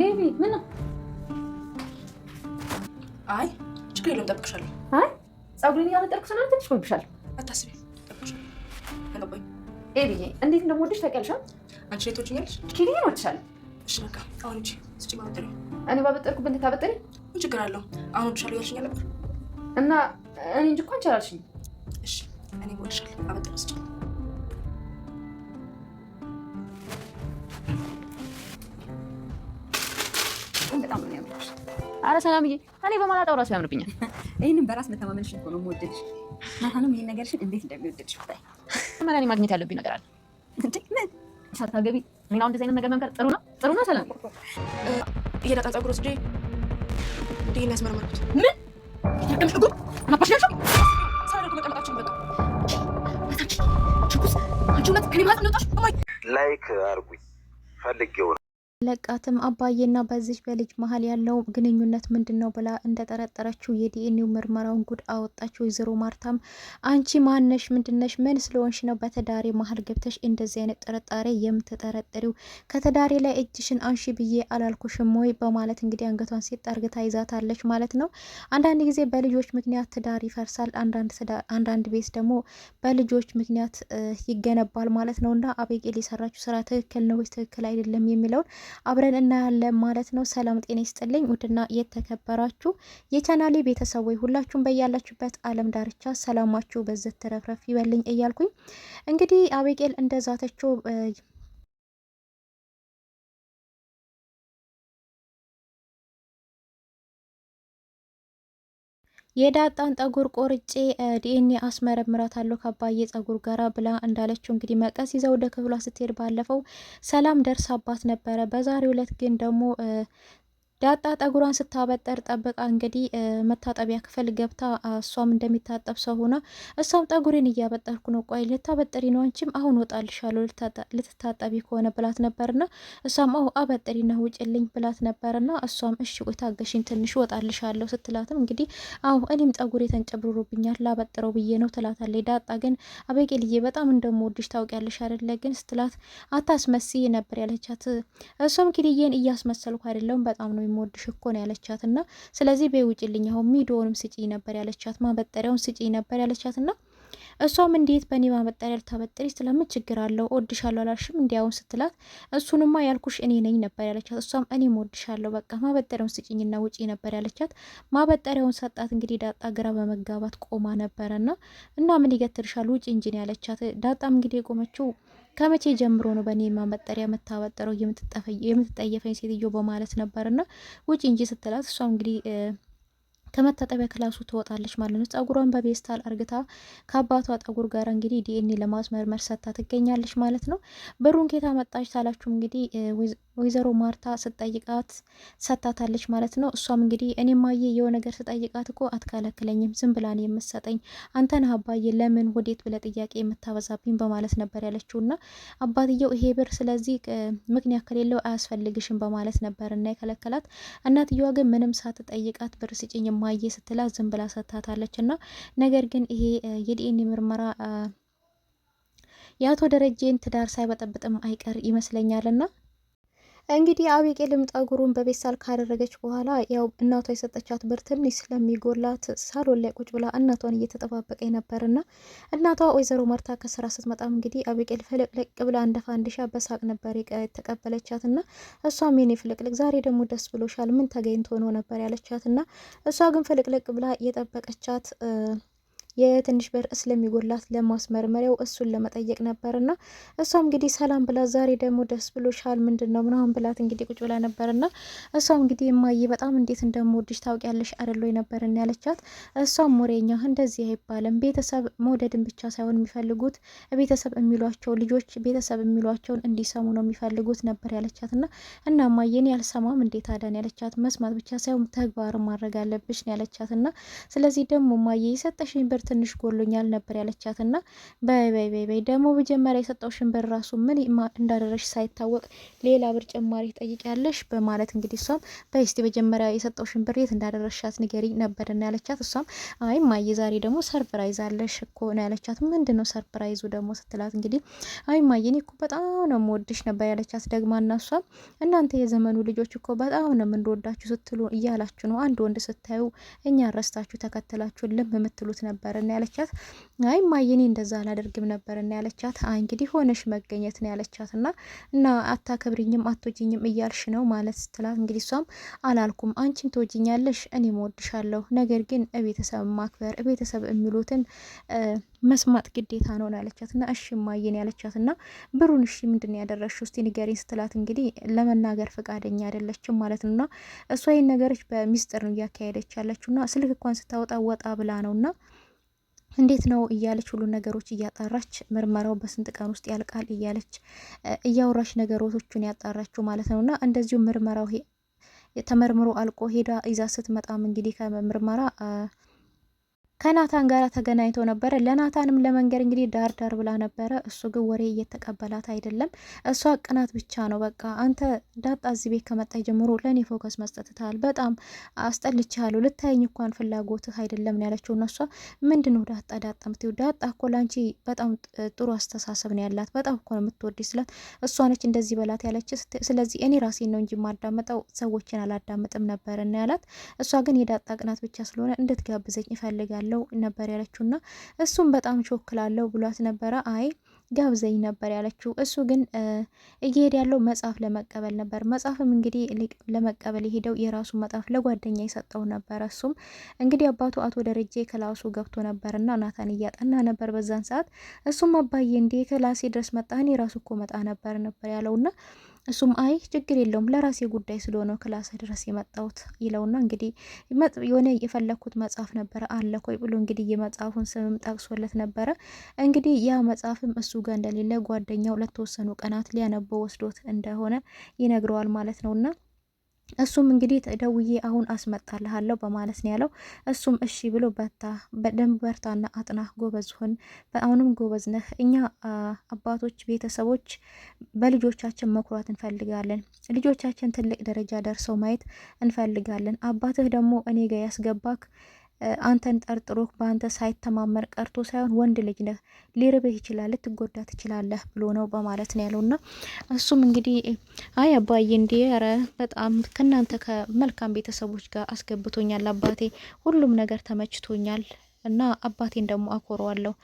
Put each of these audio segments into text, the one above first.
ቤቢ ምን ነው? አይ ችግር የለውም እጠብቅሻለሁ። አይ ፀጉሬን እያበጠርኩ ስለሆነ ትንሽ ቆይብሻለሁ። አታስቢ፣ እጠብቅሻለሁ። አገባኝ እንዴት እንደምወድሽ ታውቂያለሽ። አንቺ እኔ ትወጂኛለሽ? ኪኒ እወድሻለሁ። እሺ በቃ አሁን እንጂ ስጭ ማበጠሪ። እኔ ባበጠርኩበት እንድታበጠሪ ምን ችግር አለው? አሁን እወድሻለሁ እያልሽኝ ነበር እና እኔ እንጂ እኮ አንቺ አላልሽኝም። እሺ እኔ እወድሻለሁ፣ አበጠር ስጭ አረ ሰላምዬ፣ እኔ በማላጣው ራሱ ያምርብኛል። ይህንም በራስ መተማመንሽ እኮ ነው የምወደድሽ። ናታንም ይህን ነገርሽን እንዴት እንደሚወደድሽ ብታይ። መላ ማግኘት ያለብኝ ነገር አለ። ሳታገቢ እኔን አሁን እንደዚህ አይነት ነገር መምከር ጥሩ ነው ጥሩ ነው። ሰላም የዳጣ ጸጉር ወስጄ እንዲህ ያስመረመርኩት ምን ያቀምሽ ጉድ ናፓሽ ነሽ ላይክ አርጉኝ ፈልጌው ነው። ለቃትም አባዬና በዚህ በልጅ መሀል ያለው ግንኙነት ምንድን ነው ብላ እንደጠረጠረችው የዲኤንኤው ምርመራውን ጉድ አወጣች። ወይዘሮ ማርታም አንቺ ማነሽ? ምንድነሽ? ምን ስለሆንሽ ነው በተዳሪ መሀል ገብተሽ እንደዚህ አይነት ጥርጣሬ የምትጠረጥሪው? ከተዳሪ ላይ እጅሽን አንሺ ብዬ አላልኩሽም ወይ? በማለት እንግዲህ አንገቷን ሴት ጠርግታ ይዛታለች ማለት ነው። አንዳንድ ጊዜ በልጆች ምክንያት ትዳር ይፈርሳል፣ አንዳንድ ቤት ደግሞ በልጆች ምክንያት ይገነባል ማለት ነው። እና አቤቄል የሰራችው ስራ ትክክል ነው ወይስ ትክክል አይደለም የሚለውን አብረን እናያለን ማለት ነው። ሰላም ጤና ይስጥልኝ ውድና የተከበራችሁ የቻናሌ ቤተሰቦች ሁላችሁም በያላችሁበት ዓለም ዳርቻ ሰላማችሁ በዘት ተረፍረፍ ይበልኝ እያልኩኝ እንግዲህ አቤቄል እንደዛተችው የዳጣን ጠጉር ቆርጬ ዲኤንኤ አስመረምራታለሁ ከአባዬ ጸጉር ጋራ ብላ እንዳለችው እንግዲህ መቀስ ይዛ ወደ ክፍሏ ስትሄድ ባለፈው ሰላም ደርሳባት ነበረ። በዛሬው ዕለት ግን ደግሞ ዳጣ ጠጉሯን ስታበጠር ጠብቃ እንግዲህ መታጠቢያ ክፍል ገብታ እሷም እንደሚታጠብ ሰው ሆና እሷም ጠጉሬን እያበጠርኩ ነው፣ ቆይ ልታበጠሪ ነው አንቺም አሁን ወጣልሻለሁ ልትታጠቢ ከሆነ ብላት ነበርና እሷም አሁ አበጥሪና ውጭልኝ ብላት ነበርና እሷም እሺ ቆይ ታገሽኝ ትንሽ ወጣልሻለሁ ስትላትም እንግዲህ አሁ እኔም ጠጉሬ ተንጨብርሮብኛል ላበጥረው ብዬ ነው ትላታለች። ዳጣ ግን አበቄልዬ በጣም እንደምወድሽ ታውቂያለሽ አይደለ ግን ስትላት አታስመስይ ነበር ያለቻት። እሷም ኪድዬን እያስመሰልኩ አይደለውም በጣም ነው እንደምወድሽ እኮ ነው ያለቻት እና ስለዚህ ቤ ውጭልኝ፣ አሁን ሚዶንም ስጪኝ ነበር ያለቻት፣ ማበጠሪያውን ስጪኝ ነበር ያለቻት እና እሷም እንዴት በእኔ ማበጠሪያ ልታበጥሪ ስለምን ችግር አለው እወድሻለሁ አላልሽም እንዲያውም ስትላት እሱንማ ያልኩሽ እኔ ነኝ ነበር ያለቻት። እሷም እኔም እወድሻለሁ በቃ ማበጠሪያውን ስጪኝና ውጪ ነበር ያለቻት። ማበጠሪያውን ሰጣት። እንግዲህ ዳጣ ግራ በመጋባት ቆማ ነበረና እና ምን ይገትርሻል ውጪ እንጂ ነው ያለቻት። ዳጣም እንግዲህ የቆመችው ከመቼ ጀምሮ ነው በእኔ ማመጠሪያ የምታበጠረው የምትጠየፈኝ ሴትዮ በማለት ነበርና ውጪ እንጂ ስትላት እሷ እንግዲህ ከመታጠቢያ ክላሱ ትወጣለች ማለት ነው። ጸጉሯን በቤስታል አርግታ ከአባቷ ጠጉር ጋር እንግዲህ ዲኤንኤ ለማስመርመር ሰታ ትገኛለች ማለት ነው። ብሩን ኬታ መጣች ታላችሁ እንግዲህ ወይዘሮ ማርታ ስጠይቃት ሰታታለች ማለት ነው። እሷም እንግዲህ እኔ ማየ የው ነገር ስጠይቃት እኮ አትከለክለኝም ዝም ብላን የምሰጠኝ አንተን አባዬ ለምን ወዴት ብለ ጥያቄ የምታበዛብኝ በማለት ነበር ያለችው እና አባትየው ይሄ ብር ስለዚህ ምክንያት ከሌለው አያስፈልግሽም በማለት ነበር እና የከለከላት። እናትየዋ ግን ምንም ሳትጠይቃት ብር ስጭኝ እማዬ ስትላ ዝም ብላ ሰታታለች እና ነገር ግን ይሄ የዲኤንኤ ምርመራ የአቶ ደረጀን ትዳር ሳይበጠብጥም አይቀር ይመስለኛልና እንግዲህ አቤቄልም ጠጉሩን በቤሳል ካደረገች በኋላ ያው እናቷ የሰጠቻት ብር ትንሽ ስለሚጎላት ሳሎን ላይ ቁጭ ብላ እናቷን እየተጠባበቀ ነበርና እናቷ ወይዘሮ ማርታ ከስራ ስትመጣም እንግዲህ አቤቄል ፍልቅልቅ ብላ እንደ ፋንዲሻ በሳቅ ነበር የተቀበለቻትና እሷም የኔ ፍልቅልቅ ዛሬ ደግሞ ደስ ብሎሻል፣ ምን ተገኝቶ ነው ነበር ያለቻትና እሷ ግን ፍልቅልቅ ብላ የጠበቀቻት የትንሽ ብር ስለሚጎላት ለማስመርመሪያው እሱን ለመጠየቅ ነበርና እሷም እንግዲህ ሰላም ብላ ዛሬ ደግሞ ደስ ብሎሻል ምንድን ነው ምናምን ብላት እንግዲህ ቁጭ ብላ ነበርና እሷም እንግዲህ የማዬ በጣም እንዴት እንደምወድሽ ታውቂያለሽ አይደል ወይ ነበርን ያለቻት። እሷም ሞሬኛ እንደዚህ አይባልም ቤተሰብ መውደድን ብቻ ሳይሆን የሚፈልጉት ቤተሰብ የሚሏቸው ልጆች ቤተሰብ የሚሏቸውን እንዲሰሙ ነው የሚፈልጉት ነበር ያለቻት እና እና ማየን ያልሰማም እንዴት አዳን ያለቻት መስማት ብቻ ሳይሆን ተግባር ማድረግ አለብሽ ነው ያለቻት እና ስለዚህ ደግሞ ማየ የሰጠሽኝ ብር ትንሽ ጎሎኛል ነበር ያለቻት እና በይ በይ በይ በይ ደግሞ መጀመሪያ የሰጠውሽን ብር ራሱ ምን እንዳደረሽ ሳይታወቅ ሌላ ብር ጭማሪ ጠይቅ ያለሽ በማለት እንግዲህ እሷም በይ እስቲ መጀመሪያ የሰጠውሽን ብር የት እንዳደረሻት ንገሪ ነበር ና ያለቻት እሷም አይ ማየ ዛሬ ደግሞ ሰርፕራይዝ አለሽ እኮ ነው ያለቻት። ምንድን ነው ሰርፕራይዙ ደግሞ ስትላት እንግዲህ አይ ማዬ እኔ እኮ በጣም ነው የምወድሽ ነበር ያለቻት ደግማ ና እሷም እናንተ የዘመኑ ልጆች እኮ በጣም ነው የምንወዳችሁ ስትሉ እያላችሁ ነው አንድ ወንድ ስታዩ እኛ ረስታችሁ ተከትላችሁ ልም የምትሉት ነበር ነበርና ያለቻት። አይ ማየኔ እንደዛ አላደርግም ነበርና ያለቻት። አይ እንግዲህ ሆነሽ መገኘት ነው ያለቻት። እና እና አታከብሪኝም አትወጂኝም እያልሽ ነው ማለት ስትላት፣ እንግዲህ እሷም አላልኩም አንቺም ትወጂኛለሽ እኔም እወድሻለሁ፣ ነገር ግን ቤተሰብ ማክበር ቤተሰብ የሚሉትን መስማት ግዴታ ነው ያለቻት። እና እሺ ማየን ያለቻት እና ብሩን እሺ ምንድን ነው ያደረግሽው እስቲ ንገሪኝ ስትላት እንግዲህ ለመናገር ፈቃደኛ አይደለችም ማለት ነው። እና እሷ ይህን ነገሮች በሚስጥር ነው እያካሄደች ያለችው እና ስልክ እንኳን ስታወጣ ወጣ ብላ ነው እና እንዴት ነው እያለች ሁሉ ነገሮች እያጣራች ምርመራው በስንት ቀን ውስጥ ያልቃል እያለች እያወራች ነገሮቹን ያጣራችው ማለት ነው። እና እንደዚሁ ምርመራው ተመርምሮ አልቆ ሄዳ ይዛ ስትመጣም እንግዲህ ከምርመራ ከናታን ጋር ተገናኝቶ ነበረ። ለናታንም ለመንገድ እንግዲህ ዳር ዳር ብላ ነበረ። እሱ ግን ወሬ እየተቀበላት አይደለም። እሷ ቅናት ብቻ ነው። በቃ አንተ ዳጣ እዚህ ቤት ከመጣ ጀምሮ ለእኔ ፎከስ መስጠትታል። በጣም አስጠልቻለሁ። ልታየኝ እንኳን ፍላጎትህ አይደለም ነው ያለችው። እነሷ ምንድን ነው ዳጣ ዳጣ ምትዩ? ዳጣ እኮ ላንቺ በጣም ጥሩ አስተሳሰብ ነው ያላት። በጣም እኮ ነው የምትወድ ስላት እሷ ነች እንደዚህ በላት ያለች። ስለዚህ እኔ ራሴን ነው እንጂ ማዳመጠው ሰዎችን አላዳምጥም ነበር እና ያላት። እሷ ግን የዳጣ ቅናት ብቻ ስለሆነ እንድትጋብዘኝ ይፈልጋል ጋብዝሻለሁ ነበር ያለችው እና እሱም በጣም ሾክላለው ብሏት ነበረ። አይ ጋብዘኝ ነበር ያለችው። እሱ ግን እየሄድ ያለው መጽሐፍ ለመቀበል ነበር። መጽሐፍም እንግዲህ ለመቀበል የሄደው የራሱ መጽሐፍ ለጓደኛ የሰጠው ነበር። እሱም እንግዲህ አባቱ አቶ ደረጀ ክላሱ ገብቶ እና ናታን እያጠና ነበር በዛን ሰዓት። እሱም አባዬ እንዴ ክላሴ ድረስ መጣህን? የራሱ እኮ መጣ ነበር ነበር ያለውና እሱም አይ ችግር የለውም ለራሴ ጉዳይ ስለሆነ ክላስ ድረስ የመጣሁት ይለውና እንግዲህ የሆነ የፈለግኩት መጽሐፍ ነበረ አለ ኮይ ብሎ እንግዲህ የመጽሐፉን ስምም ጠቅሶለት ነበረ። እንግዲህ ያ መጽሐፍም እሱ ጋር እንደሌለ ጓደኛው ለተወሰኑ ቀናት ሊያነበው ወስዶት እንደሆነ ይነግረዋል ማለት ነውና እሱም እንግዲህ ደውዬ አሁን አስመጣልሃለሁ በማለት ነው ያለው። እሱም እሺ ብሎ በርታ፣ በደንብ በርታና አጥና፣ ጎበዝ ሁን፣ አሁንም ጎበዝ ነህ። እኛ አባቶች፣ ቤተሰቦች በልጆቻችን መኩራት እንፈልጋለን። ልጆቻችን ትልቅ ደረጃ ደርሰው ማየት እንፈልጋለን። አባትህ ደግሞ እኔ ጋር ያስገባክ አንተን ጠርጥሮ በአንተ ሳይተማመን ቀርቶ ሳይሆን ወንድ ልጅ ነህ፣ ሊርብህ ይችላል፣ ልትጎዳ ትችላለህ ብሎ ነው በማለት ነው ያለው። እሱም እንግዲህ አይ አባዬ እንዲ ረ በጣም ከእናንተ ከመልካም ቤተሰቦች ጋር አስገብቶኛል አባቴ፣ ሁሉም ነገር ተመችቶኛል እና አባቴን ደግሞ አኮረዋለሁ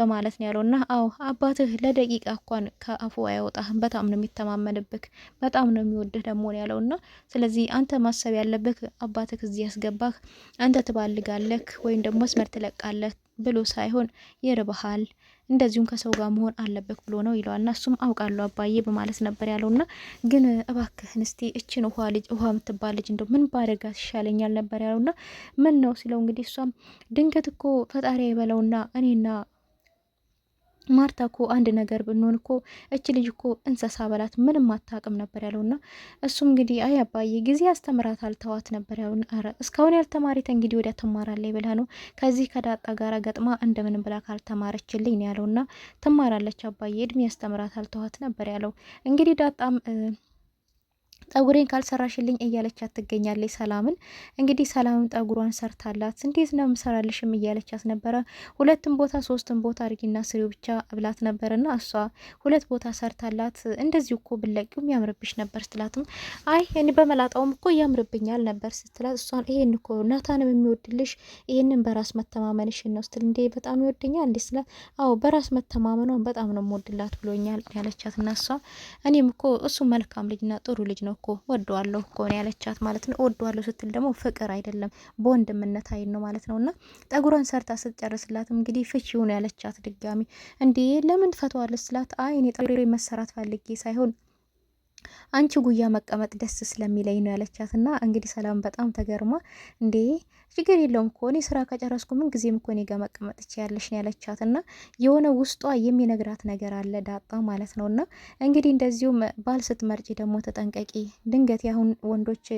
በማለት ነው ያለውና እና አዎ አባትህ ለደቂቃ እንኳን ከአፉ አያወጣህም። በጣም ነው የሚተማመንብህ፣ በጣም ነው የሚወድህ ደግሞ ነው ያለውና ስለዚህ አንተ ማሰብ ያለብህ አባትህ እዚህ ያስገባህ አንተ ትባልጋለህ ወይም ደግሞ መስመር ትለቃለህ ብሎ ሳይሆን ይርብሃል፣ እንደዚሁም ከሰው ጋር መሆን አለበት ብሎ ነው ይለዋል። እና እሱም አውቃለሁ አባዬ በማለት ነበር ያለው። እና ግን እባክህን እስቲ እችን ውሃ ልጅ ውሃ የምትባል ልጅ እንደው ምን ባደርጋት ይሻለኛል ነበር ያለው። እና ምን ነው ሲለው እንግዲህ እሷም ድንገት እኮ ፈጣሪ አይበለውና እኔና ማርታ እኮ አንድ ነገር ብንሆን እኮ እች ልጅ እኮ እንስሳ በላት ምንም አታውቅም ነበር ያለውና እሱም እንግዲህ አይ አባዬ ጊዜ አስተምራት አልተዋት ነበር ያሉ እስካሁን ያልተማሪተ እንግዲህ ወዲያ ትማራለች ብለህ ነው ከዚህ ከዳጣ ጋር ገጥማ እንደምን ብላ ካልተማረችልኝ ያለውና ትማራለች አባዬ እድሜ አስተምራት አልተዋት ነበር ያለው እንግዲህ ዳጣም ጸጉሬን ካልሰራሽልኝ እያለቻት ትገኛለች። ሰላምን እንግዲህ ሰላምን ጸጉሯን ሰርታላት እንዴት ነው ምሰራልሽም እያለቻት ነበረ። ሁለትም ቦታ ሶስትም ቦታ አድርጊና ስሪው ብቻ ብላት ነበርና እሷ ሁለት ቦታ ሰርታላት እንደዚህ እኮ ብለቂውም ያምርብሽ ነበር ስትላትም አይ እኔ በመላጣውም እኮ ያምርብኛል ነበር ስትላት እሷን ይሄን እኮ ናታንም የሚወድልሽ ይህንን በራስ መተማመንሽን ነው ስትል እንዴ በጣም ይወድኛል እንዴ ስላት አዎ በራስ መተማመኗን በጣም ነው የምወድላት ብሎኛል ያለቻት እና እሷ እኔም እኮ እሱ መልካም ልጅና ጥሩ ልጅ ነው እኮ ወደዋለሁ እኮ ነው ያለቻት ማለት ነው። ወደዋለሁ ስትል ደግሞ ፍቅር አይደለም በወንድምነት አይን ነው ማለት ነው። እና ጠጉሯን ሰርታ ስትጨርስላትም እንግዲህ ፍቺው ነው ያለቻት ድጋሚ። እንዴ ለምን ፈተዋለች ስላት አይ እኔ ጠጉሬ መሰራት ፈልጌ ሳይሆን አንቺ ጉያ መቀመጥ ደስ ስለሚለኝ ነው ያለቻት። እና እንግዲህ ሰላም በጣም ተገርማ እንዴ ችግር የለውም እኮ እኔ ስራ ከጨረስኩ ምን ጊዜም እኮ እኔ ጋር መቀመጥ ትችያለሽ ነው ያለቻት። እና የሆነ ውስጧ የሚነግራት ነገር አለ ዳጣ ማለት ነው። እና እንግዲህ እንደዚሁም ባል ስትመርጪ ደግሞ ተጠንቀቂ፣ ድንገት ያሁን ወንዶች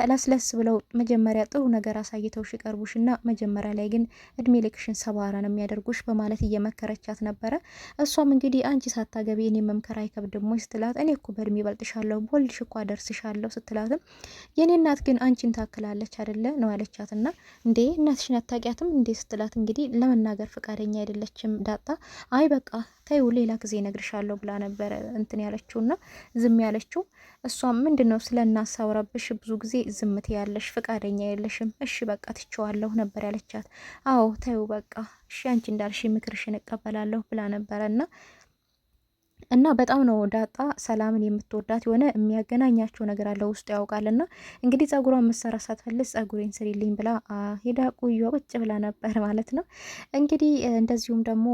ተለስለስ ብለው መጀመሪያ ጥሩ ነገር አሳይተውሽ ይቀርቡሽ እና መጀመሪያ ላይ ግን እድሜ ልክሽን ሰባራ ነው የሚያደርጉሽ በማለት እየመከረቻት ነበረ። እሷም እንግዲህ አንቺ ሳታገቢ እኔ መምከር አይከብድም ወይ ስትላት እኔ እኮ በእድሜ በልጥሻ ደርሻለሁ፣ ቦልሽ እኳ ደርስሻለሁ ስትላትም የኔ እናት ግን አንቺን ታክላለች አደለ ነው ያለቻት። ና እንዴ እናትሽን አታውቂያትም እንዴ ስትላት እንግዲህ ለመናገር ፈቃደኛ አይደለችም ዳጣ። አይ በቃ ተይው ሌላ ጊዜ ነግርሻለሁ ብላ ነበረ እንትን ያለችው ና ዝም ያለችው እሷም ምንድን ነው ስለ እናት ሳውራብሽ ብዙ ጊዜ ዝምት ያለሽ ፈቃደኛ የለሽም። እሺ በቃ ትችዋለሁ ነበር ያለቻት። አዎ ተይው በቃ እሺ አንቺ እንዳልሽ ምክርሽን እቀበላለሁ ብላ ነበረ ና እና በጣም ነው ዳጣ ሰላምን የምትወዳት። የሆነ የሚያገናኛቸው ነገር አለ ውስጡ ያውቃል። እና እንግዲህ ጸጉሯን መሰራት ሳትፈልግ ጸጉሬን ስሪልኝ ብላ ሄዳ ቁዩ ቁጭ ብላ ነበር ማለት ነው። እንግዲህ እንደዚሁም ደግሞ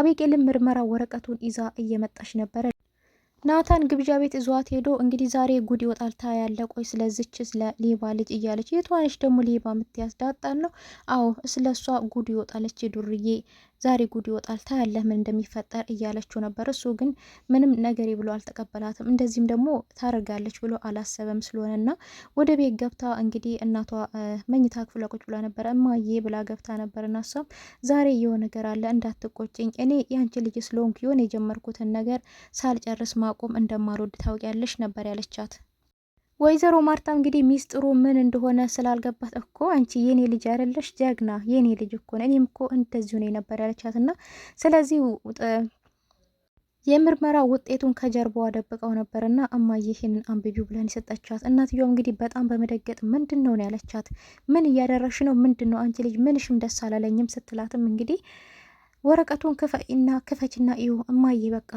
አቤቄልን ምርመራ ወረቀቱን ይዛ እየመጣች ነበረ። ናታን ግብዣ ቤት እዟት ሄዶ እንግዲህ ዛሬ ጉድ ይወጣል ታያለ። ቆይ ስለዚች ስለ ሌባ ልጅ እያለች የተዋነች ደግሞ ሌባ የምትያዝ ነው? አዎ ስለሷ ጉድ ይወጣለች ዱርዬ ዛሬ ጉድ ይወጣል ታያለህ ምን እንደሚፈጠር እያለችው ነበር። እሱ ግን ምንም ነገር ብሎ አልተቀበላትም። እንደዚህም ደግሞ ታደርጋለች ብሎ አላሰበም ስለሆነና ወደ ቤት ገብታ እንግዲህ እናቷ መኝታ ክፍሏ ቁጭ ብላ ነበረ። እማዬ ብላ ገብታ ነበር እና እሷም ዛሬ የሆነ ነገር አለ እንዳትቆጭኝ፣ እኔ ያንቺ ልጅ ስለሆንኩ የሆነ የጀመርኩትን ነገር ሳልጨርስ ማቆም እንደማልወድ ታውቂያለሽ ነበር ያለቻት። ወይዘሮ ማርታ እንግዲህ ሚስጥሩ ምን እንደሆነ ስላልገባት እኮ አንቺ የኔ ልጅ አይደለሽ ጀግና፣ የኔ ልጅ እኮ ነው፣ እኔም እኮ እንደዚሁ ነው የነበር ያለቻት እና ስለዚህ የምርመራ ውጤቱን ከጀርባዋ ደብቀው ነበር እና እማ ይህንን አንብቢ ብለን የሰጠቻት እናትየው እንግዲህ በጣም በመደገጥ ምንድን ነው ያለቻት፣ ምን እያደረሽ ነው? ምንድን ነው አንቺ ልጅ ምንሽም ደስ አላለኝም ስትላትም እንግዲህ ወረቀቱን ክፈችና እዩ እማዬ በቃ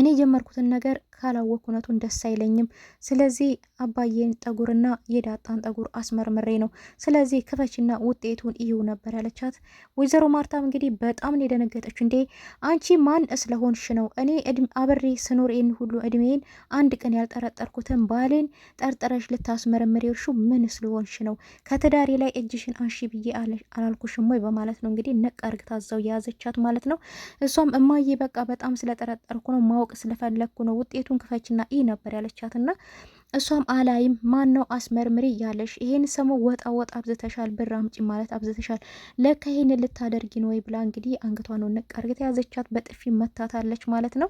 እኔ የጀመርኩትን ነገር ካላወቅ እውነቱን ደስ አይለኝም። ስለዚህ አባዬን ጠጉርና የዳጣን ጠጉር አስመርምሬ ነው። ስለዚህ ክፈችና ውጤቱን ይው ነበር ያለቻት። ወይዘሮ ማርታም እንግዲህ በጣም ነው የደነገጠች። እንዴ አንቺ ማን ስለሆንሽ ነው እኔ አብሬ ስኖር ይህን ሁሉ እድሜን አንድ ቀን ያልጠረጠርኩትን ባሌን ጠርጥረሽ ልታስመረምር ሹ ምን ስለሆንሽ ነው? ከትዳሬ ላይ እጅሽን አንሺ ብዬ አላልኩሽም ወይ? በማለት ነው እንግዲህ ነቅ አርግታ የያዘቻት ማለት ነው። እሷም እማዬ በቃ በጣም ስለጠረጠርኩ ነው ማወቅ ስለፈለግኩ ነው ውጤ ቤቱን ክፈችና ኢ ነበር ያለቻትና እሷም አላይም ማን ነው አስመርምሪ እያለሽ ይሄን ሰሞን ወጣ ወጣ አብዝተሻል፣ ብር አምጪ ማለት አብዝተሻል፣ ለካ ይሄን ልታደርጊ ነው ወይ ብላ እንግዲህ አንገቷን ነቅ አርግታ ያዘቻት፣ በጥፊ መታታለች ማለት ነው።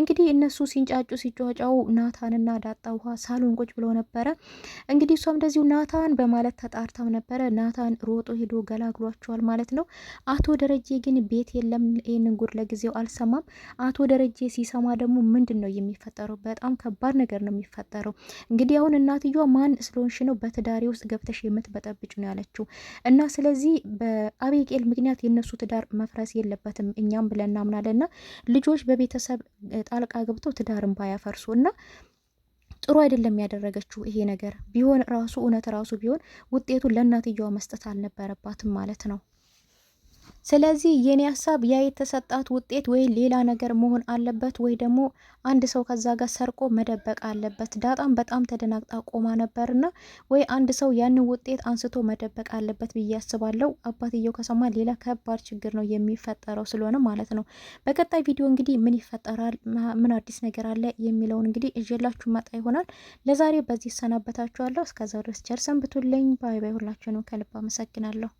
እንግዲህ እነሱ ሲንጫጩ ሲጫጫው ናታንና ዳጣ ውሃ ሳሎን ቁጭ ብሎ ነበረ። እንግዲህ እሷም እንደዚሁ ናታን በማለት ተጣርታም ነበረ። ናታን ሮጦ ሄዶ ገላግሏቸዋል ማለት ነው። አቶ ደረጀ ግን ቤት የለም። ይህንን ጉድ ለጊዜው አልሰማም። አቶ ደረጀ ሲሰማ ደግሞ ምንድን ነው የሚፈጠረው? በጣም ከባድ ነገር ነው የሚፈጠረው። እንግዲህ አሁን እናትየዋ ማን ስለሆንሽ ነው በትዳሬ ውስጥ ገብተሽ የምትበጠብጭ ነው ያለችው። እና ስለዚህ በአቤቄል ምክንያት የነሱ ትዳር መፍረስ የለበትም እኛም ብለን እናምናለንና ልጆች በቤተሰብ ጣልቃ ገብተው ትዳርን ባያፈርሱ እና ጥሩ አይደለም ያደረገችው። ይሄ ነገር ቢሆን ራሱ እውነት ራሱ ቢሆን ውጤቱን ለእናትየዋ መስጠት አልነበረባትም ማለት ነው። ስለዚህ የኔ ሀሳብ ያ የተሰጣት ውጤት ወይ ሌላ ነገር መሆን አለበት ወይ ደግሞ አንድ ሰው ከዛ ጋር ሰርቆ መደበቅ አለበት። ዳጣም በጣም ተደናግጣ ቆማ ነበርና ወይ አንድ ሰው ያንን ውጤት አንስቶ መደበቅ አለበት ብዬ አስባለሁ። አባትየው ከሰማ ሌላ ከባድ ችግር ነው የሚፈጠረው ስለሆነ ማለት ነው። በቀጣይ ቪዲዮ እንግዲህ ምን ይፈጠራል፣ ምን አዲስ ነገር አለ የሚለውን እንግዲህ እጀላችሁ መጣ ይሆናል። ለዛሬ በዚህ ይሰናበታችኋለሁ። እስከዛ ድረስ ቸር ሰንብቱልኝ። ባይ ባይ። ሁላችሁንም ከልብ አመሰግናለሁ።